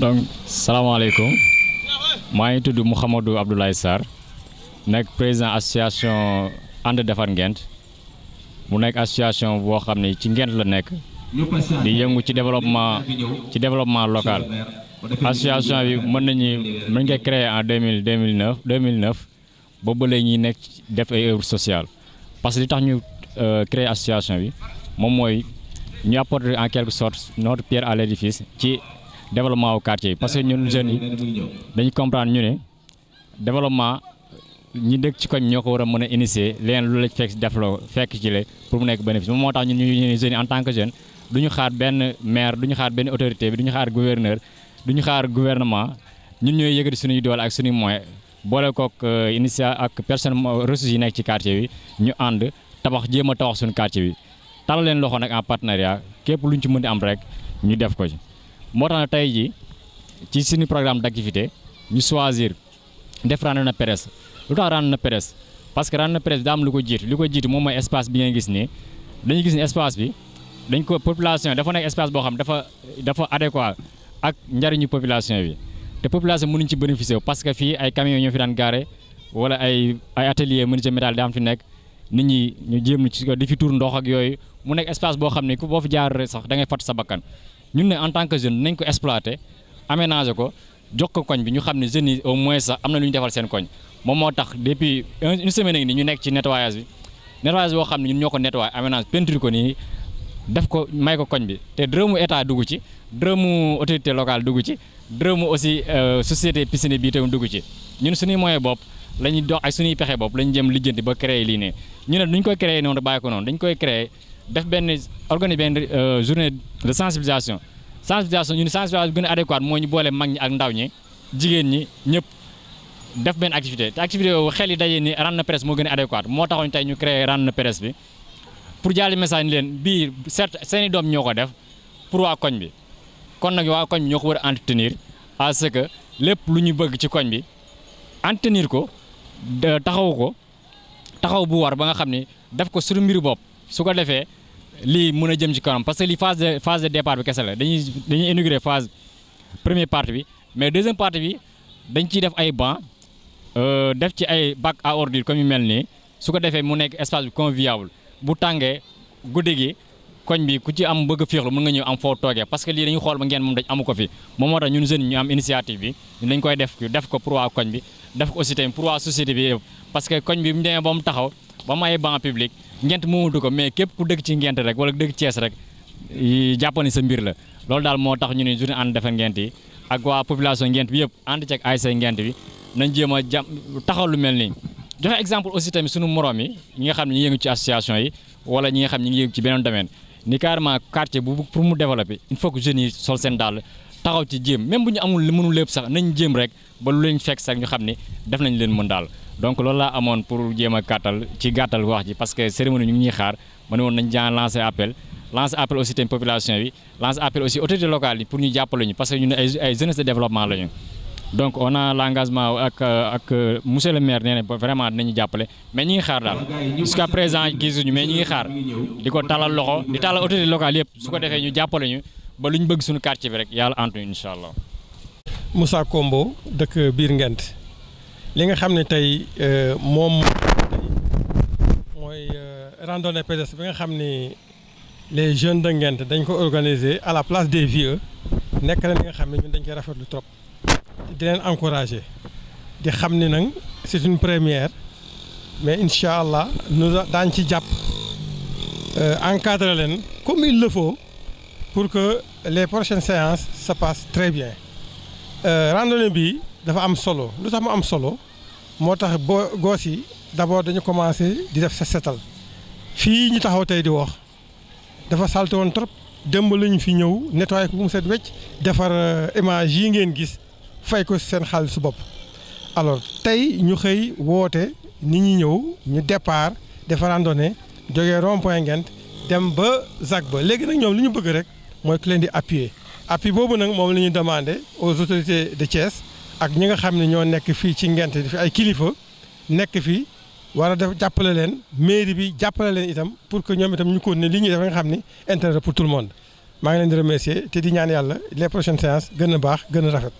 donc salaamaaleykum maa ngi tudd Mouhamadou Abdoulaye Sarr nekk président association ànd defar Ngent mu nekk association boo xam ne ci Ngent la nekk di yëngu ci développement ci développement local association bi mën nañu mën nga créer en deux mille deux mille neuf deux mille neuf boobu la ñuy nekk def ay œuvre sociale parce que li tax ñu euh, créer association bi moom mooy ñu apporter en quelque sorte notre pierre à l'édifice ci développement wu quartier yi parce que ñun jeunes yi dañu comprendre ñu ne développement ñu dëkk ci koñ ñoo ko war a mën a initier leneen lu la fekk def loo fekk ci la pour mu nekk bénéfice moom moo tax ñun ñu ne jeunes yi en tant que jeune du ñu xaar benn maire du ñu xaar benn autorité bi du ñu xaar gouverneur du ñu xaar gouvernement ñun ñooy yëkkati suñuy doole ak suñuy moyen boole kook euh, initia ak personne euh, ressources yi nekk ci quartier bi ñu ànd tabax jéem a tabax suñu quartier bi tala leen loxo nag en partenariat képp lu ñu ci mën di am rek ñu def ko ci moo tax na tey ji ci suñu programme d'activité ñu choisir def randonnée pédestre lu tax na pédestre parce que randonnée pédestre daa am lu ko jiit lu ko jiitu moom mooy espace bi ngeen gis nii dañu gis ni espace bi dañ ko population dafa nekk espace boo xam dafa dafa adéquat ak njariñu population bi te population mënuñ ci bénéficier parce que fii ay camions ñoo fi daan garé wala ay ay atelier menuisier métal daa am fi nekk nit ñi ñu jéem ci di fi tuur ndox ak yooyu mu nekk espace boo xam ne ku boo fi jaar sax da ngay fàtt sa bakkan ñun ne en tant que jeune nañ ko exploité aménager ko jox ko koñ bi ñu xam ne jeunes yi au moins sax am na lu ñu defal seen koñ moom moo tax depuis une semaine ngi nii ñu nekk ci nettoyage bi nettoyage boo xam ne ñun ñoo ko nettoyé aménage peinture ko nii def ko may ko koñ bi te dërëmu état dugg ci dërëmu autorité locale dugg ci dërëmu aussi euh, société piscine bii tamit dugg ci ñun suñuy moyen boob la ñuy dox ak suñuy pexe bopp lañu ñu jëm lijjanti ba créé lii ne ñu ne duñ koy créé noonu bàyyi ko noonu dañ koy créé def benn organise benn euh, journée de sensibilisation sensibilisation ñu ne sensibilisation bi gën a adéquate moo ñu boole mag ñi ak ndaw ñi jigéen ñi ñëpp def benn activité te activité boobu xel yi dajee ni rende presse moo gën a adéquate moo taxoon tey ñu créé rende presse bi pour jaali message leen bii certes seen i doom ñoo ko def pour waa koñ bi kon nag waa koñ bi ñoo ko war a entretenir à ce que lépp lu ñu bëgg ci koñ bi entretenir ko taxaw ko taxaw bu war ba nga xam ni def ko suñu mbiru bopp su ko defee lii mën a jëm ci kanam parce que lii phase de phase de départ bi kese la dañuy dañuy inauguré phase première partie bi mais deuxième partie bi dañ ciy def ay banc euh, def ci ay bac à ordures comme yu mel nii su ko defee mu nekk espace bi conviviable bu tàngee guddi gi. koñ bi ku ci am bëgg a féexlu mën nga ñëw am foo toogee parce que lii dañuy xool ba ngeen moom dañ amu ko fi moom moo tax ñun jeunes am initiative bi koy def def ko pour ko aussi tamit pour waa société parce que koñ bi mu demee ba ba mu ay banc public ngent moomutu ko mais képp ku dëkk ci ngent rek wala dëkk Cees rek jàppani sa mbir la loolu daal moo tax ñu ne journée ànd defar ngent yi ak waa population ngent bi yëpp ànd ceeg ay say bi nañ jéem a jàpp taxaw lu mel nii joxe exemple aussi tamit sunu moroom yi ñi nga xam ne ñu ngi yëngu ci association yi wala ñi nga xam ne ñu ngi yëngu ci beneen domaine ni carrément quartier bu pour mu développer il faut que jeunes yi sol seen dàll taxaw ci jéem même bu ñu amul mënul lépp sax nañ jéem rek ba lu leen fekk sax ñu xam ne def nañ leen mën daal donc loolu laa amoon pour jéem a gàttal ci gàttal wax ji parce que cérémonie ñu ngi ñuy xaar ma ne woon nañ jaan lancer appel lancer appel aussi tamit population bi lancer appel aussi autorités locales yi pour ñu jàppale ñu parce ay ay jeunesse de développement ñu donc on a l'engagement ak ak monsieur le maire nee na vraiment dinañu jàppale mais ñu ngi xaar daal jusqu'à présent gisuñu mais ñu ngi xaar di ko talal loxo di talal autorité locale yëpp su ko defee ñu jàppale ñu ba lu ñu bëgg suñu quartier bi rek yàlla antu incha allah. Moussa Kombo dëkk biir Ngent li nga xam ne tey euh, moom mooy euh, randonnée pédestre bi nga xam ni les jeunes de Ngent dañ ko organiser à la place des vieux nekk na li nga xam ne ñun dañ koy rafetlu trop. di leen encourager di xam ne nag c'est une première mais incha allah nu daañ ci jàpp euh, encadrer leen comme il le faut pour que les prochaines séances se passent très bien euh, randonnée bi dafa am solo lu tax mu am solo moo tax boo goos yi d'abord dañu commencé di def sa setal fii ñu taxaw tey di wax dafa salte woon trop démb lañu fi ñëw nettoyé ko mu set wecc defar euh, image yi ngeen gis fay ko seen xaalisu bopp alors tey ñu xëy woote ni ñi ñëw ñu départ dafa randonnée jógee rond Ngent dem ba ZAC ba léegi nag ñoom lu ñu bëgg rek mooy ku leen di appuyer appui boobu nag moom la ñu demandé aux autorités de Thiès ak ñi nga xam ne ñoo nekk fii ci Ngent di fi ay kilifa nekk fii war a def jàppale leen mairie bi jàppale leen itam pour que ñoom itam ñu ko ne li ñuy def nga xam ni intérêt pour tout le monde maa ngi leen di remercier te di ñaan yàlla les prochaines séances gën a baax gën a rafet.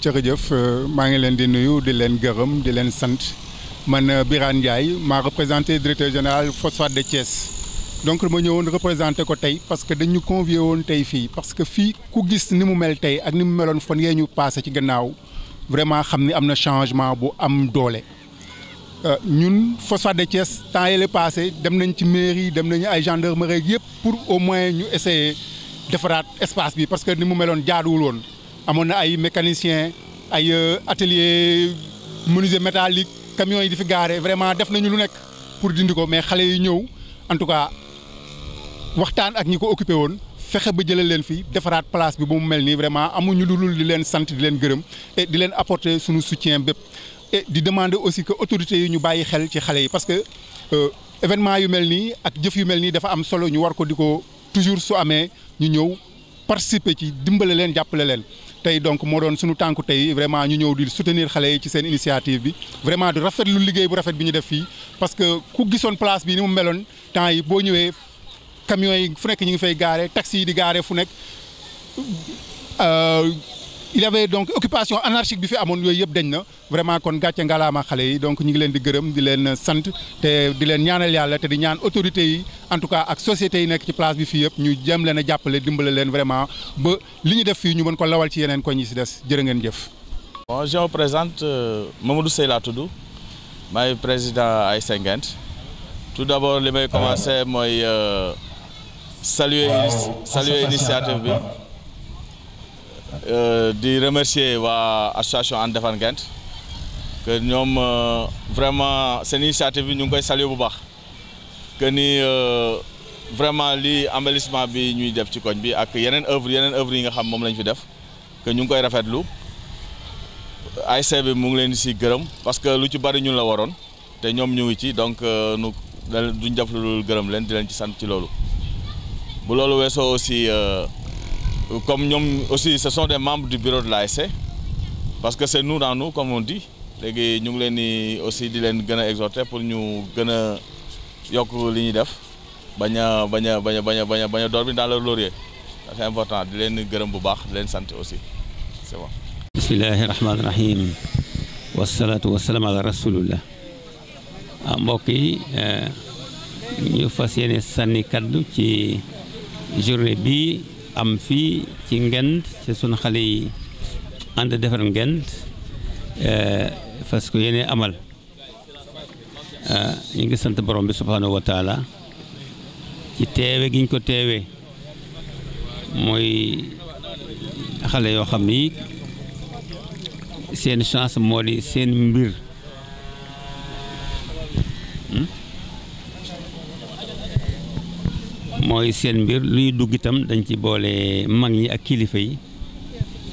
jërëjëf euh, maa ngi leen di nuyu di leen gërëm di leen sant man euh, Birane Ndiaye maa représenté directeur général phosphate de Thiès donc ma ñëwoon représenté ko tey parce que dañu convié woon tey fii parce que fii ku gis ni mu mel tey ak ni mu meloon fan yee ñu passé ci gannaaw vraiment xam ni am na changement bu am doole. Euh, ñun phosphate de Thiès temps yële passé dem nañ ci mairie dem nañu ay gendarmerie yëpp pour au moins ñu essayer defaraat espace bi parce que ni mu meloon jaaduwul woon. amoon na ay mécanicien ay euh, atelier menuisier métallique camions yi di fi gaare vraiment def nañu lu nekk pour dindi ko mais xale yi ñëw en tout cas waxtaan ak ñi ko occupé woon fexe ba jëlee leen fi defaraat place bi ba mu mel nii vraiment amuñu lu lul di leen sant di leen gërëm di leen apporter suñu soutien bépp di demander aussi que autorités yi ñu bàyyi xel ci xale yi parce que euh, événement yu mel nii ak jëf yu mel nii dafa am solo ñu war ko di ko toujours su amee ñu ñëw participer ci dimbale leen jàppale leen. tey donc moo doon suñu tànku tey vraiment ñu ñëw di soutenir xale yi ci seen initiative bi vraiment di rafetlu liggéey bu rafet bi ñu def fii parce que ku gisoon place bi ni mu meloon temps yi boo ñëwee camions yi fu nekk ñu ngi fay gaare taxi yi di gaare fu nekk euh, il y avait donc occupation anarchique bi fi amoon yooyu yëpp dañ na vraiment kon gàcce a xale yi donc ñu ngi leen di gërëm di leen sant te di leen ñaanal yàlla te di ñaan autorité yi en tout cas ak sociétés yi nekk ci place bi fii yëpp ñu jëm leen a jàppale dimbale leen vraiment ba li ñu def fii ñu mën ko lawal ci yeneen ko yi si des jërë ngeen jëf. bon je me présente euh, Mamadou Seye laa tudd maay président ay Ngent tout d' abord li may commencé mooy euh, saluer bi. Euh, di remercier waa association And Defar Nguinth que ñoom euh, vraiment seen initiative bi ñu ngi koy saluer bu baax que ni euh, vraiment lii embellissement bi ñuy def ci koñ bi ak yeneen œuvre yeneen œuvre yi nga xam moom lañu fi def que ñu ngi koy rafetlu ASC bi mu ngi leen si gërëm parce que lu ci bari ñu la waroon te ñoom ñu ngi ci donc nu duñ def lu dul gërëm leen di leen ci sant ci loolu bu loolu weesoo aussi. comme ñoom aussi ce sont des membres du bureau de la l'ASC parce que c'est nous dans nous comme on dit léegi ñu ngi leen di aussi di leen gën a exhorter pour ñu gën a yokk li ñuy def bañ a bañ a bañ bañ bañ bañ a door bi dans le laurier di leen gërëm bu baax leen sant aussi c'est bon bismillahi rahmaani rahim ala rasulillah ah mbokk yi eh, ñu fas yéene sànni kaddu ci journée bii am fii ci ngent ci sunu xale yi ànd defar ngent eh, fas ko yéene amal eh, ñu ngi sant borom bi subhaanahu wa ci teewe giñ ko teewe mooy xale yoo xam ni seeni chance moo di seen mbir mooy seen mbir lu ñu dugg itam dañ ci boole mag ñi ak kilifa yi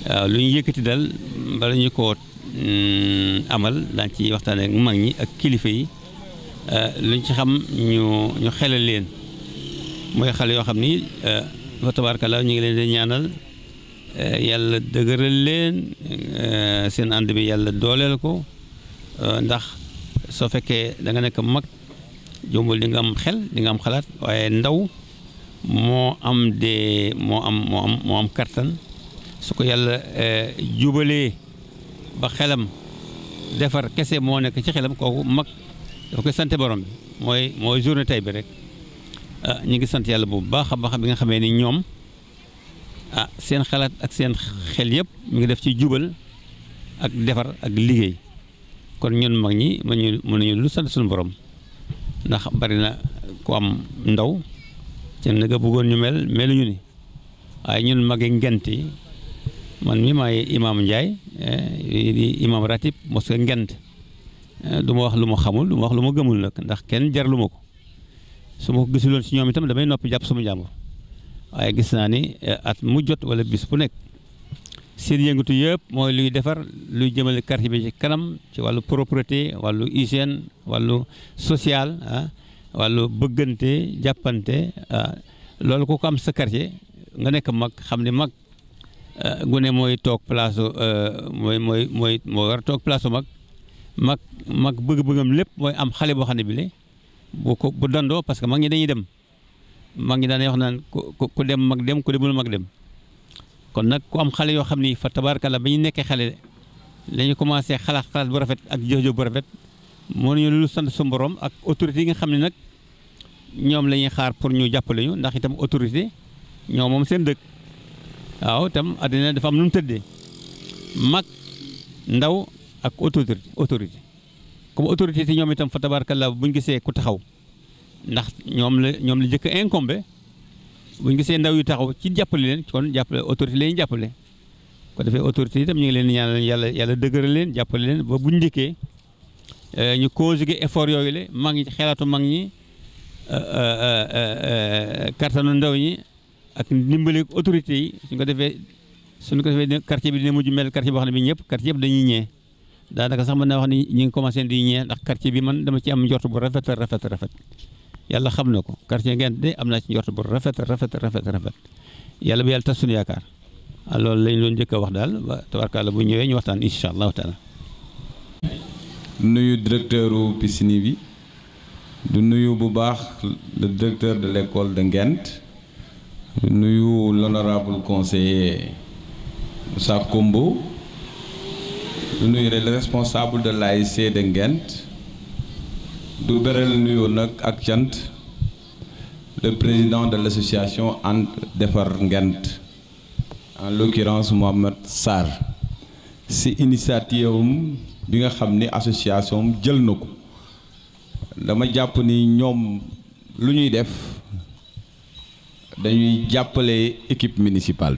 waaw lu ñu yëkkati dal bala ñu ko mm, amal dañ ci waxtaan ak mag ñi ak kilifa yi eh, luñ ci xam ñu xelal leen mooy xale yoo xam ni eh, fa tabaarkalla ñu ngi leen di ñaanal eh, yàlla dëgëral leen seen ànd bi yàlla dooleel ko ndax soo fekkee danga nekk mag jombul di am xel dinga am xalaat waaye ndaw moo am de moo am moo am moo am kattan su ko yàlla eh, jubalee ba xelam defar kese moo nekk ci xelam kooku mag dafa koy sante borom bi mooy mooy journée tey bi rek ah ñu ngi sant yàlla bu baax a baax bi nga xamee ni ñoom ah seen xalaat ak seen xel yëpp mu ngi def ci jubal ak defar ak liggéey kon ñun mag ñi mënuñu mënuñu lu sant suñu borom ndax bari na ku am ndaw. ca na nga bëggoon ñu mel ñu ni waaye ñun magi ngent yi man mi maay imaam Ndiaye eh, di imaam ratib mos a ngent eh, du wax lu ma xamul du wax lu ma gëmul nag ndax kenn jar ma ko su ma ko gisuloon si ñoom itam damay noppi jàpp sama jàmbur waaye gis naa ni eh, at mu jot wala bis bu nekk seen yëngatu yépp mooy luy defar luy jëmale quartier bi ci kanam ci wàllu propreté wàllu hygiène wàllu social ah. waa wàllu bëggante jàppante ah, loolu ku ko am sa nga nekk mag xam ne mag ah, gune mooy toog place ah, mooy mooy mooy moo war a toog place mag mag mag bëgg-bëggam lépp mooy am xale boo xam ne bile bu ko bu dandoo parce que mag ñi dañuy dem mag ñi daan wax naan ku ku dem mag dem ku demul mag dem kon nag ku am xale yoo xam ni fa tabaarkalla ba ñu nekkee xale la ñu commencé xalaat xalaat bu rafet ak jëf-jëf bu rafet moo ñu lu sant su ak autorité yi nga xam ne nag. ñoom la ñuy xaar pour ñu jàppale ñu ndax itam autorité ñoom moom seen dëkk waaw itam àddina dafa am nu mu tëddee mag ndaw ak autorité autorité comme autorité si ñoom itam fa tabarkalla bu ñu gisee ku taxaw ndax ñoom la ñoom la jëkk a incombé bu ñu gisee ndaw yu taxaw ci jàppale leen kon jàppale autorité la jàppale ko defee autorité itam ñu ngi leen ñaanal yàlla yàlla dëgëral leen jàppale leen bu ñu njëkkee eh, ñu conjugué effort yooyu le mag ñi xelaatu mag ñi Euh, euh, euh, kattanu ndaw ñi ak ndimbali autorité yi suñ ko defee suñ ko defee quartier bi dina mujj mel quartier boo xam ne bi ñëpp quartier yëpp dañuy ñee daanaka sax mën na wax ni ñi ngi commencé di ñee ndax quartier bi man dema ci am njort bu rafet rafet rafet yàlla xam na ko quartier ngeen de am naa ci njort bu rafet rafet rafet rafet yàlla bu yàlla tas suñu yaakaar ah, loolu lañu doon njëkk a wax daal ba tabarkaala bu ñëwee ñu waxtaan incha allahu taala nuyu directeur piscine bi du nuyu bu baax le directeur de l'école de ngent du nuyu l'honorable conseiller Moussa Kombo du nuyu le responsable de l'AIC de ngent du beral nuyu nag ak cant le président de l'association And Defar ngent en l'occurrence Mohamed Sarr si initiative bi nga xam ni association jël na ko dama jàpp ni ñoom lu ñuy def dañuy jàppale équipe municipale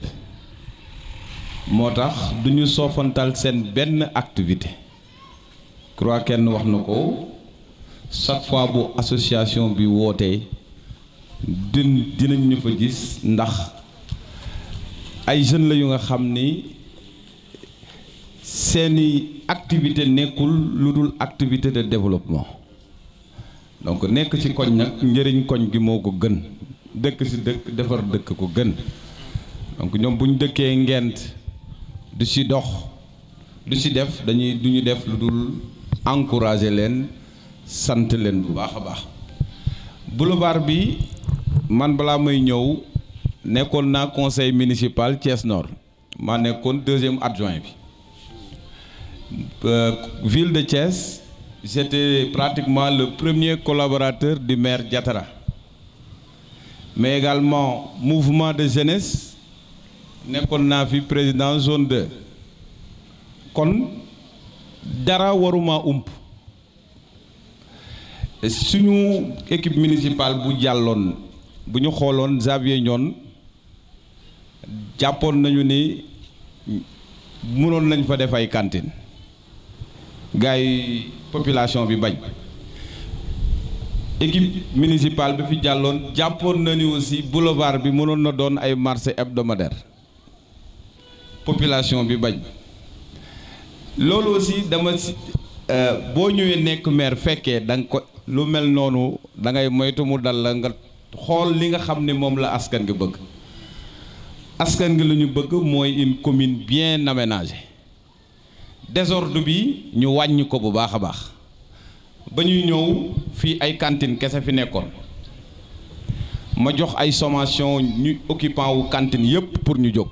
bi moo tax du ñu soofantal seen benn activité crois kenn wax na ko chaque fois bu association bi wootee din dinañ ñu fa gis ndax ay jeunes la yu nga xam ni seeni activité nekkul lu dul activité de développement donc nekk ci koñ nag njëriñ koñ gi moo ko gën dëkk si dëkk defar dëkk ko gën donc ñoom bu dëkkee ngent du ci dox du ci def dañuy du def lu dul encourager leen sant leen bu baax a baax baar bi man balaa may ñëw nekkoon naa conseil municipal Thiès Nord maa nekkoon deuxième adjoint bi euh, ville de Thiès j'étais pratiquement le premier collaborateur di maire jatara Mais également, mouvement de jeunesse, nekkoon naa fi président zone de kon dara waruma ump suñu équipe municipale bu jàlloon bu ñu xooloon Xavier ñoon jàppoon nañu ni mënoon nañu fa def ay cantine gars yi population bi bañ équipe municipale bi fi jàlloon jàppoon na ni aussi boulevard bi mënoon na doon ay marché hebdomadaire population bi bañ loolu aussi dama si euh, boo ñëwee nekk maire fekkee da ko lu mel noonu dangay moytu mu dal la nga xool li nga xam ne moom la askan gi bëgg askan gi lu ñu bëgg mooy une commune bien aménagée désordre bi ñu wàññiko bu baax a baax ba ñuy ñëw fii ay cantine kese fi nekkoon ma jox ay sommation ñu occupant wu cantine yépp pour ñu jóg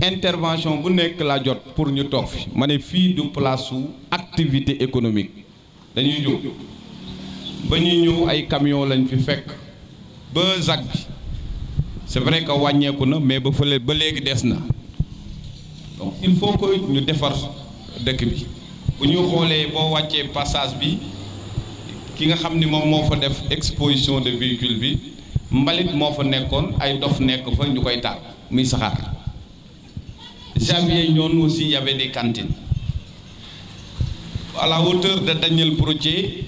intervention bu nekk laa jot pour ñu toog fi ma ne fii du place su économique dañuy jóg ba ñuy ñëw ay camion lañ fi fekk ba ZAC bi c'est vrai que wàññeeku na mais ba fële ba léegi des na donc il faut que ñu defar dëkk bi bu ñu xoolee boo wàccee passage bi ki nga xam ni moom moo fa def exposition de véhicule bi mbalit moo fa nekkoon ay dof nekk fa ñu koy taal muy saxaar janvier ñoon aussi y avait des cantines à la hauteur de Daniel Brottier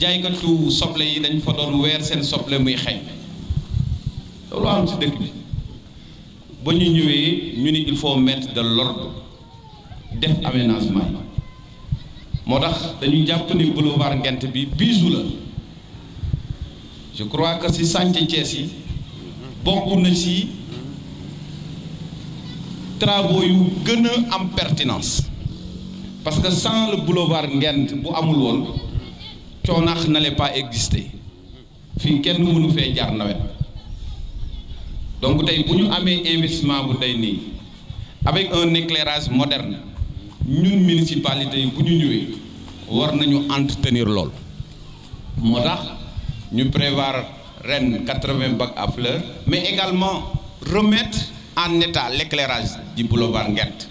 jaaykatu soble yi dañ fa doon weer seen soble muy xeeñ loolu am ci dëkk bi ba ñu ñëwee ñu ni il faut mettre de l'ordre def aménagement yi moo tax dañu jàpp ni boulevard Ngent bi biisu la je crois que si chantier Thiès yi bokk na si travaux yu gën a am pertinence parce que sans le boulevard Ngent bu amul woon Coonaax n'allait pas existe fii kenn mënu fee jaar nawet donc tey bu ñu amee investissement bu tey nii avec un éclairage moderne ñun municipalité yi bu ñu ñëwee war nañu entretenir lool moo tax ñu prévoir ren quatre-vingts bacs à fleurs mais également remettre en état di du boulevard Nguinth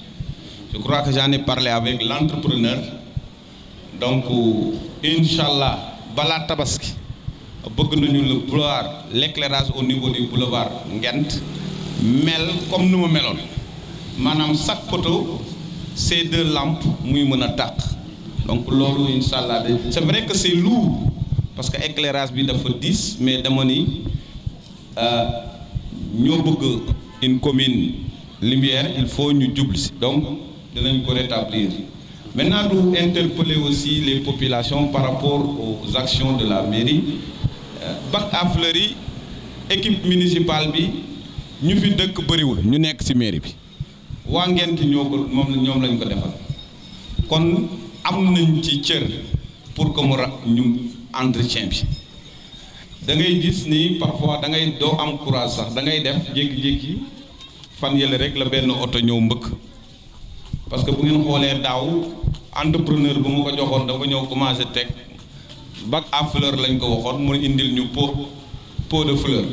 je crois que j'en ai avec l'entrepreneur donc incha allah balaa tabaski bëgg nañu le boulevard l'éclairage au niveau du boulevard Nguinth mel comme nu mu meloon maanaam chaque poteau ces de lamp muy mën a tàq donc loolu incha allah de c'est vrai que c'est lourd parce que éclairage bi dafa diis mais dama ni euh, ñoo bëgg une commune lumière il faut ñu jublu si donc dinañ ko rétablir maintenant du interpeller aussi les populations par rapport aux actions de la mairie euh, Bac à Fleury équipe municipale bi ñu fi dëkk bëriwul ñu nekk ci mairie bi waa ngent ñoo ko moom ñoom lañ ko defal kon am nañ ci cër pour que mu ra ñu entretien bi da ngay gis ni parfois dangay doo am courage sax da ngay def jékki-jékki fan yële rek la benn oto ñëw mbëkk parce que bu ngeen xoolee daaw entrepreneur bi mu ko joxoon dafa ñëw commencé teg bac à fleur lañ ko waxoon mu indil ñu pot pot de fleur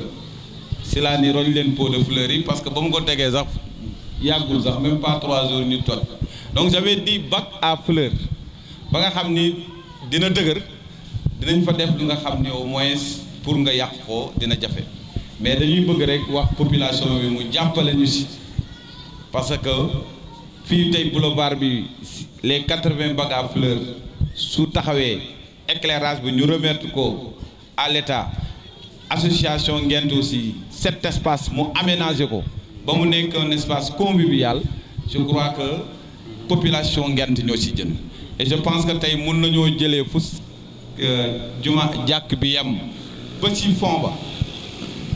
si laa ni roñ leen pot de fleur yi parce que ba mu ko tegee sax yàggul sax même pas trois jours ñu toj donc j'avais dit bac à fleurs ba nga xam ni dina dëgër dinañ fa def lu nga xam ni au moins pour nga yàq ko dina jafe mais dañuy bëgg rek wax population bi mu jàppale ñu si parce que fii tey boulevard bi les quatre vingt bacs à fleurs su taxawee éclairage bi ñu remettre ko à l'état association ngent aussi cet espace mu aménagé ko ba mu nekk un espace convivial je crois que population Ngent ñoo ci jën et je pense que tey mun nañoo jëlee fu euh, juma jàkk bi yem ba ci fond ba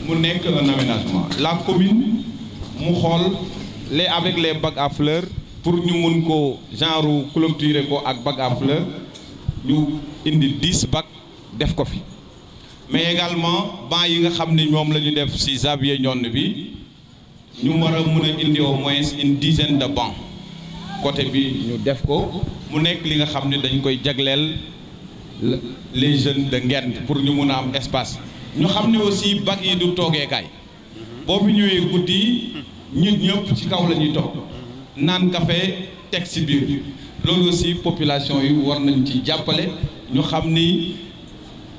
mu nekk un aménagement la commune mu xool les avec les bacs à fleurs pour ñu mun ko genre clôturer ko ak bac à fleurs ñu indi dix bac def ko fi mais également banc yi nga xam ne ñoom la ñu def ci Xavier Nione bi ñu war a mën a indi au moins une dizaine de bancs côté bi ñu def ko mu nekk li nga xam ne dañ koy jagleel les jeunes de Nguinth pour ñu mun a am espace ñu xam ne aussi bac yi du toogeekaay boo fi ñëwee guddi ñun ñëpp ci kaw lañuy ñuy toog naan café teg si biir loolu aussi population yi war nañ ci jàppale ñu xam ni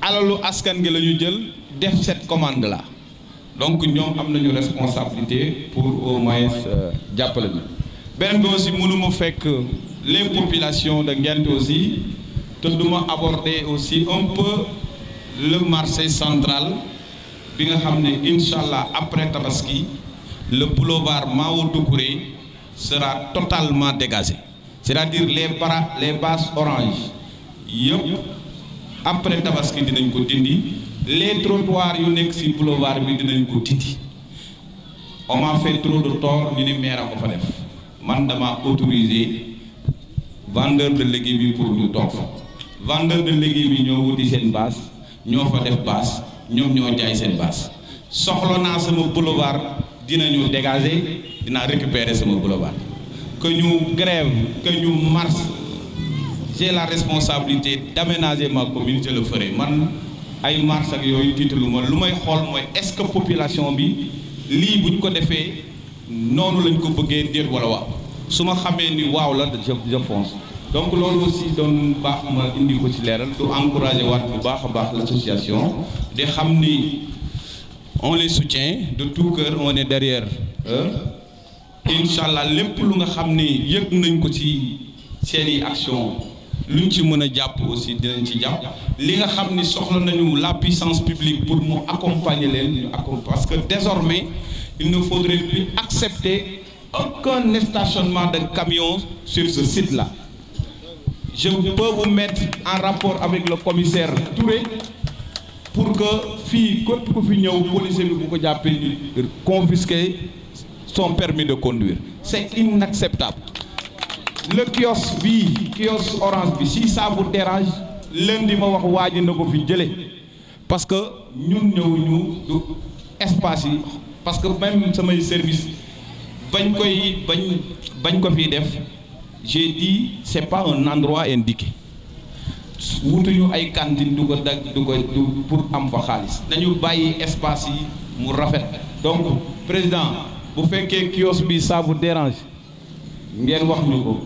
alalu askan gi la ñu jël def cette commande la donc ñoom am nañu responsabilité pour au moins euh, jàppale ñu beneen bi aussi mënu ma fekk les populations de Ngent aussi te du ma aussi un peu le marché central bi nga xam ne incha allah après tabaski le boulevard Mao Doucouré sera totalement dégagé c'est-à-dire les bras les bases oranges yëpp après tabaski dinañ ko dindi. les trottoirs yu nekk ci boulevard bi dinañ ko titi on m'a fait trop de tort ñu ni maire ko fa def man dama autorisé vendeur de légumes yi pour ñu toog fa vendeur de légumes yi ñoo wuti seen base ñoo fa def base ñoom ñoo jaay seen base soxla naa sama boulevard dinañu dégager dinaa récupérer sama boulevard que ñu grève que ñu marche j'ai la responsabilité d'aménager ma commune je le ferai man ay marche ak yooyu tiitalu ma lu may xool mooy est-ce que population bi lii buñ ko defee noonu lañ ko bëggee déet wala waaw su ma xamee ni waaw la je je donc loolu aussi doon baax ma indi ko ci leeral du encourager waat bu baax a baax la l'association di xam ni on les soutient de tout cœur on est derrière eux incha allah lépp lu nga xam ni yëg nañ ko ci seen i action lu ñu ci mën a jàpp aussi dinañ ci jàpp li nga xam ni soxla nañu la puissance publique pour mu accompagner leen ñu accompagner parce que désormais il ne faudrait plus accepter aucun stationnement de camions sur ce site la je peux vous mettre en rapport avec le commissaire Touré pour que fii képp ko fi ñëw policier bi bu ko jàppee ñu confisquer son permis de conduire c'est inacceptable le kiosque bii kiosque orange bi si saabu vous dérange lundi ma wax waa ji na ko fi jële parce que ñun ñëwuñu ñu du espace yi parce que même samay service bañ koy bañ bañ ko fiy def j'ai dit c'est pas un endroit indiqué ay cantine du ko dag du ko du pour am fa xaalis dañu bàyyi espace yi mu rafet donc président bu fekkee kiosque bi saabu derange dérange ngeen wax ñu ko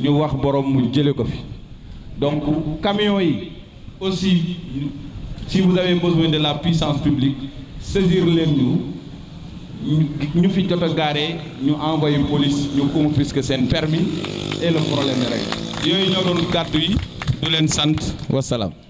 ñu wax borom mu jële ko fi donc camions yi aussi si vous avez besoin de la puissance publique saisir leen ñu fi jot a ñu envoyé police ñu confisque seen permis et le problème yooyu ñoo doon kàddu yi ñu leen sant wasalaam